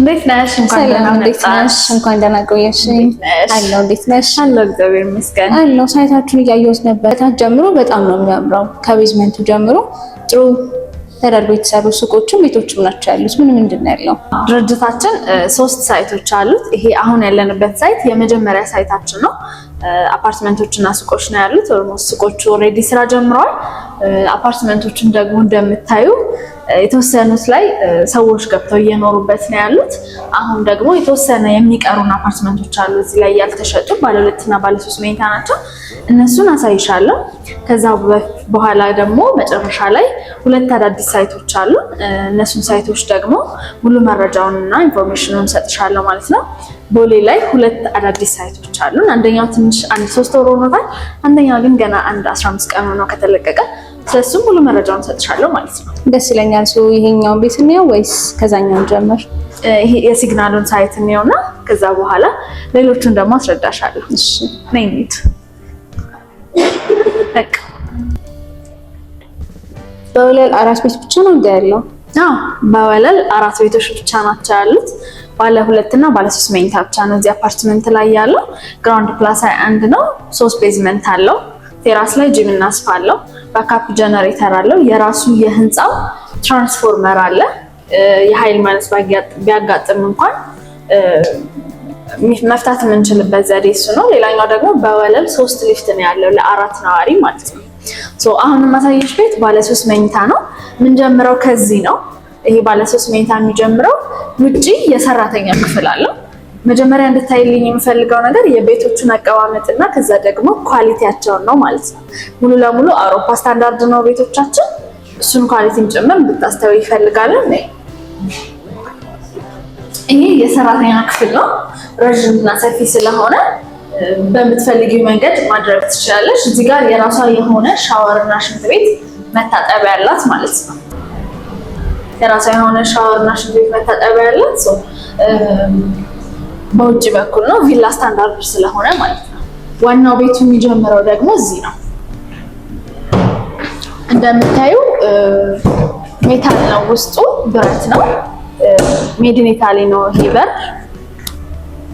እንዴት ነሽ? እንኳን ደህና ቆየሽ። አለሁ። እንዴት ነሽ? አለሁ። እግዚአብሔር ይመስገን። አለሁ። ሳይታችሁን እያየሁት ነበር። ታች ጀምሮ በጣም ነው የሚያምረው። ከቤዝመንቱ ጀምሮ ጥሩ ተደርጎ የተሰሩ ሱቆችም ቤቶችም ናቸው ያሉት። ምን ምንድን ነው ያለው? ድርጅታችን ሶስት ሳይቶች አሉት። ይሄ አሁን ያለንበት ሳይት የመጀመሪያ ሳይታችን ነው። አፓርትመንቶች እና ሱቆች ነው ያሉት። ኦልሞስት ሱቆቹ ኦልሬዲ ስራ ጀምረዋል። አፓርትመንቶችን ደግሞ እንደምታዩ የተወሰኑት ላይ ሰዎች ገብተው እየኖሩበት ነው ያሉት። አሁን ደግሞ የተወሰነ የሚቀሩን አፓርትመንቶች አሉ እዚህ ላይ ያልተሸጡ ባለሁለትና ባለሶስት መኝታ ናቸው። እነሱን አሳይሻለሁ። ከዛ በኋላ ደግሞ መጨረሻ ላይ ሁለት አዳዲስ ሳይቶች አሉ። እነሱን ሳይቶች ደግሞ ሙሉ መረጃውንና ኢንፎርሜሽኑን ሰጥሻለሁ ማለት ነው። ቦሌ ላይ ሁለት አዳዲስ ሳይቶች አሉን። አንደኛው ትንሽ አንድ ሶስት ወር ሆኖታል። አንደኛው ግን ገና አንድ አስራ አምስት ቀን ነው ከተለቀቀ ስለሱም ሙሉ መረጃውን ሰጥሻለሁ ማለት ነው። ደስ ይለኛል። እሱ ይሄኛውን ቤት እንየው ወይስ ከዛኛውን ጀምር? ይሄ የሲግናሉን ሳይት እንየውና ከዛ በኋላ ሌሎቹን ደግሞ አስረዳሻለሁ። እሺ ነይ እንሂድ። በቃ በወለል አራት ቤት ብቻ ነው ያለው? አዎ በወለል አራት ቤቶች ብቻ ናቸው ያሉት። ባለ ሁለት እና ባለ ሶስት መኝታ ብቻ ነው እዚህ አፓርትመንት ላይ ያለው። ግራውንድ ፕላስ አንድ ነው። ሶስት ቤዝመንት አለው። ቴራስ ላይ ጂም እና ስፓ አለው። ባካፕ ጀነሬተር አለው። የራሱ የህንፃው ትራንስፎርመር አለ። የኃይል ማነስ ቢያጋጥም እንኳን መፍታት የምንችልበት ዘዴ እሱ ነው። ሌላኛው ደግሞ በወለል ሶስት ሊፍት ነው ያለው ለአራት ነዋሪ ማለት ነው። አሁን ማሳየሽ ቤት ባለሶስት መኝታ ነው የምንጀምረው። ከዚህ ነው ይሄ ባለሶስት መኝታ የሚጀምረው። ውጪ የሰራተኛ ክፍል አለው። መጀመሪያ እንድታይልኝ የምፈልገው ነገር የቤቶቹን አቀማመጥ እና ከዛ ደግሞ ኳሊቲያቸውን ነው ማለት ነው። ሙሉ ለሙሉ አውሮፓ ስታንዳርድ ነው ቤቶቻችን። እሱን ኳሊቲን ጭምር እንድታስተው ይፈልጋለን። ይሄ የሰራተኛ ክፍል ነው። ረዥምና ሰፊ ስለሆነ በምትፈልጊው መንገድ ማድረግ ትችላለች። እዚህ ጋር የራሷ የሆነ ሻወርና ሽንት ቤት መታጠቢያ ያላት ማለት ነው። የራሷ የሆነ ሻወርና ሽንት ቤት መታጠቢያ ያላት በውጭ በኩል ነው። ቪላ ስታንዳርድ ስለሆነ ማለት ነው። ዋናው ቤቱ የሚጀምረው ደግሞ እዚህ ነው። እንደምታዩ ሜታል ነው፣ ውስጡ ብረት ነው። ሜድን ኢታሊ ነው ይሄ በር።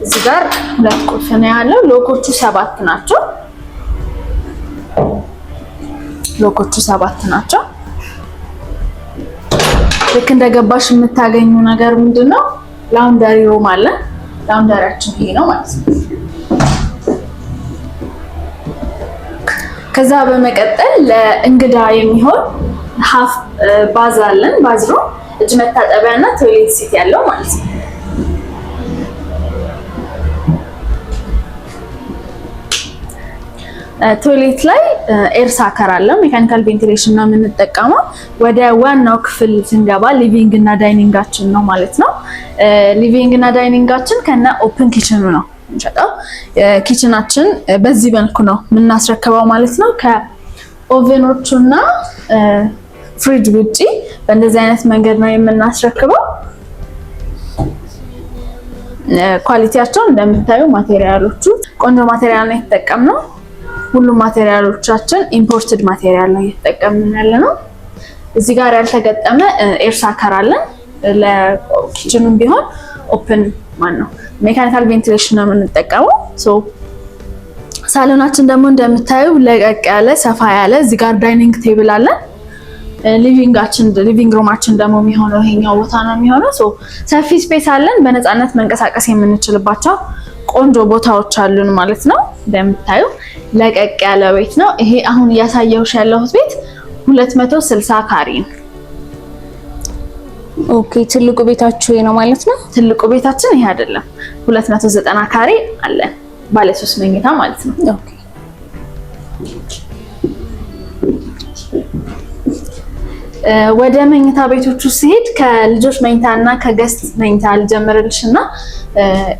እዚህ ጋር ሁለት ቁልፍ ነው ያለው። ሎኮቹ ሰባት ናቸው። ሎኮቹ ሰባት ናቸው። ልክ እንደገባሽ የምታገኙ ነገር ምንድን ነው ላውንደሪ ሩም አለን። ላውንደሪያችን ይሄ ነው ማለት ነው። ከዛ በመቀጠል ለእንግዳ የሚሆን ሀፍ ባዝ አለን። ባዝሮ እጅ መታጠቢያ እና ቶይሌት ሲት ያለው ማለት ነው። ቶይሌት ላይ ኤር ሳከር ሜካኒካል ቬንቲሌሽን ነው የምንጠቀመው። ወደ ዋናው ክፍል ስንገባ ሊቪንግ እና ዳይኒንጋችን ነው ማለት ነው። ሊቪንግ እና ዳይኒንጋችን ከነ ኦፕን ኪችኑ ነው የምንሸጠው። ኪችናችን በዚህ መልኩ ነው የምናስረክበው ማለት ነው። ከኦቨኖቹ እና ፍሪጅ ውጪ በእንደዚህ አይነት መንገድ ነው የምናስረክበው። ኳሊቲያቸው እንደምታዩ ማቴሪያሎቹ ቆንጆ ማቴሪያል ነው የተጠቀምነው። ሁሉም ማቴሪያሎቻችን ኢምፖርትድ ማቴሪያል ነው እየተጠቀምን ያለ ነው። እዚህ ጋር ያልተገጠመ ኤርሳከር አለን። ለኪችኑም ቢሆን ኦፕን ማን ነው ሜካኒካል ቬንቲሌሽን ነው የምንጠቀመው። ሳሎናችን ደግሞ እንደምታዩ ለቀቅ ያለ ሰፋ ያለ እዚህ ጋር ዳይኒንግ ቴብል አለን። ሊቪንጋችን ሊቪንግ ሩማችን ደግሞ የሚሆነው ይሄኛው ቦታ ነው የሚሆነው። ሰፊ ስፔስ አለን። በነፃነት መንቀሳቀስ የምንችልባቸው ቆንጆ ቦታዎች አሉን ማለት ነው። እንደምታዩ ለቀቅ ያለ ቤት ነው። ይሄ አሁን እያሳየሁሽ ያለሁት ቤት 260 ካሬ ነው። ኦኬ ትልቁ ቤታችሁ ነው ማለት ነው። ትልቁ ቤታችን ይሄ አይደለም፣ 290 ካሬ አለን ባለ 3 መኝታ ማለት ነው። ኦኬ ወደ መኝታ ቤቶቹ ሲሄድ ከልጆች መኝታ እና ከገስት መኝታ ልጀምርልሽ እና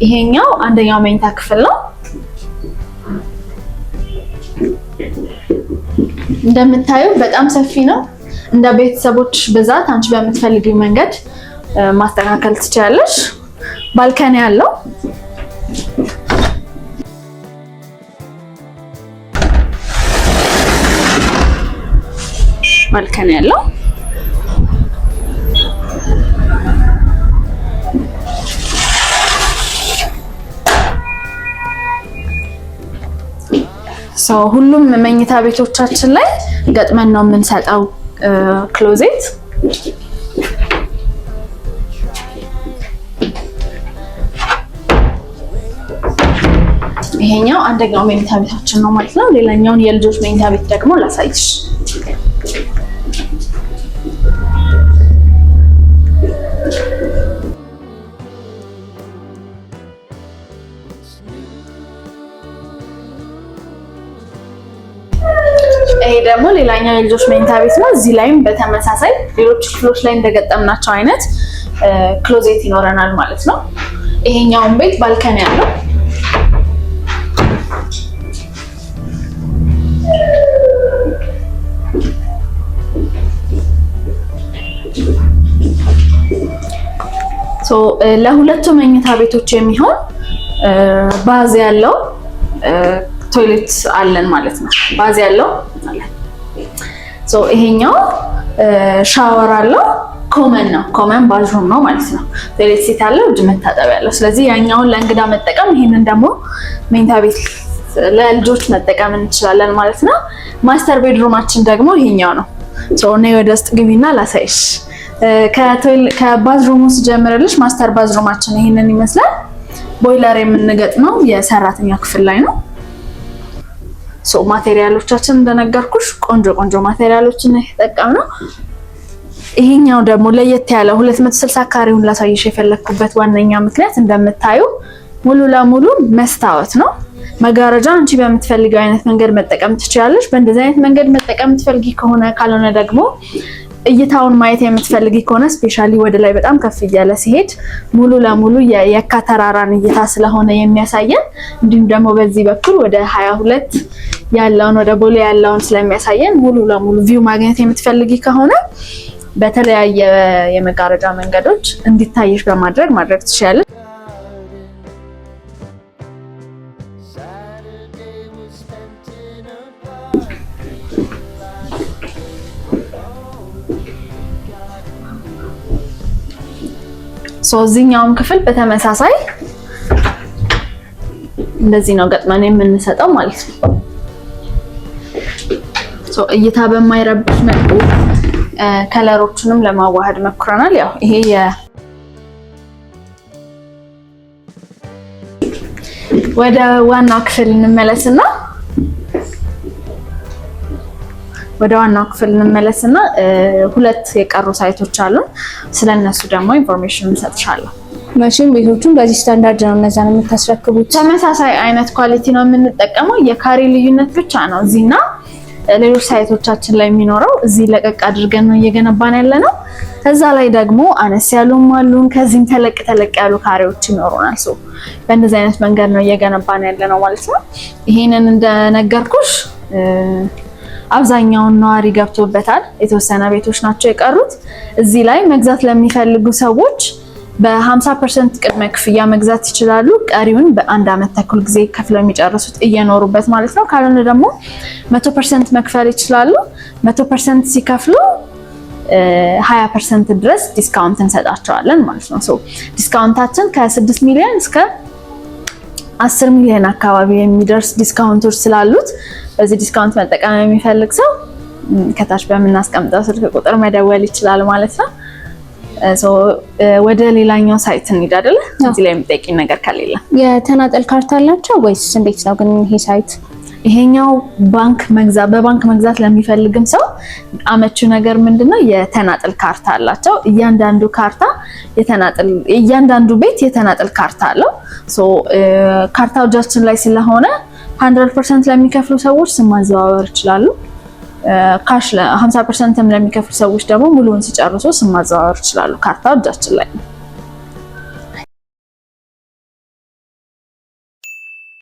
ይሄኛው አንደኛው መኝታ ክፍል ነው። እንደምታዩ በጣም ሰፊ ነው። እንደ ቤተሰቦች ብዛት አንቺ በምትፈልጊው መንገድ ማስተካከል ትችላለሽ። ባልከን ያለው ባልከን ያለው ሰው ሁሉም መኝታ ቤቶቻችን ላይ ገጥመን ነው የምንሰጠው ክሎዜት። ይሄኛው አንደኛው መኝታ ቤታችን ነው ማለት ነው። ሌላኛውን የልጆች መኝታ ቤት ደግሞ ላሳይሽ። ይሄ ደግሞ ሌላኛው የልጆች መኝታ ቤት ነው። እዚህ ላይም በተመሳሳይ ሌሎች ክፍሎች ላይ እንደገጠምናቸው አይነት ክሎዜት ይኖረናል ማለት ነው። ይሄኛውን ቤት ባልከን ያለው ለሁለቱ መኝታ ቤቶች የሚሆን ባዝ ያለው ቶይሌት አለን ማለት ነው። ባዝ ያለው ይሄኛው ሻወር አለው ኮመን ነው። ኮመን ባዝሩም ነው ማለት ነው። ቶይሌት ሴት አለው፣ እጅ መታጠብ ያለው። ስለዚህ ያኛውን ለእንግዳ መጠቀም፣ ይሄንን ደግሞ መኝታ ቤት ለልጆች መጠቀም እንችላለን ማለት ነው። ማስተር ቤድሩማችን ደግሞ ይሄኛው ነው። እኔ ወደ ውስጥ ግቢና ላሳይሽ። ከባዝሩሙ ስጀምርልሽ ማስተር ባዝሩማችን ይሄንን ይመስላል። ቦይለር የምንገጥመው የሰራተኛ ክፍል ላይ ነው። ማቴሪያሎቻችን እንደነገርኩሽ ቆንጆ ቆንጆ ማቴሪያሎችን የተጠቀምነው። ይሄኛው ደግሞ ለየት ያለ 260 ካሬውን ላሳይሽ የፈለግኩበት ዋነኛ ምክንያት እንደምታዩ ሙሉ ለሙሉ መስታወት ነው። መጋረጃ አንቺ በምትፈልገው አይነት መንገድ መጠቀም ትችላለች። በእንደዚህ አይነት መንገድ መጠቀም ትፈልጊ ከሆነ ካልሆነ ደግሞ እይታውን ማየት የምትፈልጊ ከሆነ ስፔሻሊ ወደ ላይ በጣም ከፍ እያለ ሲሄድ ሙሉ ለሙሉ የየካ ተራራን እይታ ስለሆነ የሚያሳየን እንዲሁም ደግሞ በዚህ በኩል ወደ ሀያ ሁለት ያለውን ወደ ቦሌ ያለውን ስለሚያሳየን ሙሉ ለሙሉ ቪው ማግኘት የምትፈልጊ ከሆነ በተለያየ የመጋረጃ መንገዶች እንዲታይሽ በማድረግ ማድረግ ትችላለች። እዚህኛውም ክፍል በተመሳሳይ እንደዚህ ነው ገጥመን የምንሰጠው ማለት ነው። እይታ በማይረብሽ መልኩ ከለሮቹንም ለማዋሃድ መኩረናል። ያው ይሄ ወደ ዋናው ክፍል እንመለስና ወደ ዋናው ክፍል እንመለስና ሁለት የቀሩ ሳይቶች አሉን። ስለነሱ ደግሞ ኢንፎርሜሽን እንሰጥሻለሁ። መቼም ቤቶቹን በዚህ ስታንዳርድ ነው ነው የምታስረክቡት። ተመሳሳይ አይነት ኳሊቲ ነው የምንጠቀመው። የካሬ ልዩነት ብቻ ነው እዚህና ሌሎች ሳይቶቻችን ላይ የሚኖረው። እዚህ ለቀቅ አድርገን ነው እየገነባን ያለ ነው። ከዛ ላይ ደግሞ አነስ ያሉም አሉን። ከዚህም ተለቅ ተለቅ ያሉ ካሬዎች ይኖሩናል። ሰው በእንደዚህ አይነት መንገድ ነው እየገነባን ያለ ነው ማለት ነው። ይሄንን እንደነገርኩሽ አብዛኛውን ነዋሪ ገብቶበታል። የተወሰነ ቤቶች ናቸው የቀሩት። እዚህ ላይ መግዛት ለሚፈልጉ ሰዎች በ50 ፐርሰንት ቅድመ ክፍያ መግዛት ይችላሉ። ቀሪውን በአንድ አመት ተኩል ጊዜ ከፍለው የሚጨርሱት እየኖሩበት ማለት ነው። ካልሆነ ደግሞ መቶ ፐርሰንት መክፈል ይችላሉ። መቶ ፐርሰንት ሲከፍሉ 20 ፐርሰንት ድረስ ዲስካውንት እንሰጣቸዋለን ማለት ነው። ዲስካውንታችን ከ6 ሚሊዮን እስከ 10 ሚሊዮን አካባቢ የሚደርስ ዲስካውንቶች ስላሉት በዚህ ዲስካውንት መጠቀም የሚፈልግ ሰው ከታች በምናስቀምጠው ስልክ ቁጥር መደወል ይችላል ማለት ነው። ወደ ሌላኛው ሳይት እንሂድ አይደለ? እዚህ ላይ የሚጠይቅኝ ነገር ከሌለ የተናጠል ካርታ አላቸው ወይስ እንዴት ነው ግን ይሄ ሳይት? ይሄኛው ባንክ መግዛት በባንክ መግዛት ለሚፈልግም ሰው አመቺው ነገር ምንድነው? የተናጠል ካርታ አላቸው። እያንዳንዱ ካርታ የተናጠል እያንዳንዱ ቤት የተናጠል ካርታ አለው። ካርታው እጃችን ላይ ስለሆነ ሀንድረድ ፐርሰንት ለሚከፍሉ ሰዎች ስም ማዘዋወር ይችላሉ። ካሽ ሀምሳ ፐርሰንትም ለሚከፍሉ ሰዎች ደግሞ ሙሉውን ሲጨርሱ ስም ማዘዋወር ይችላሉ። ካርታው እጃችን ላይ ነው።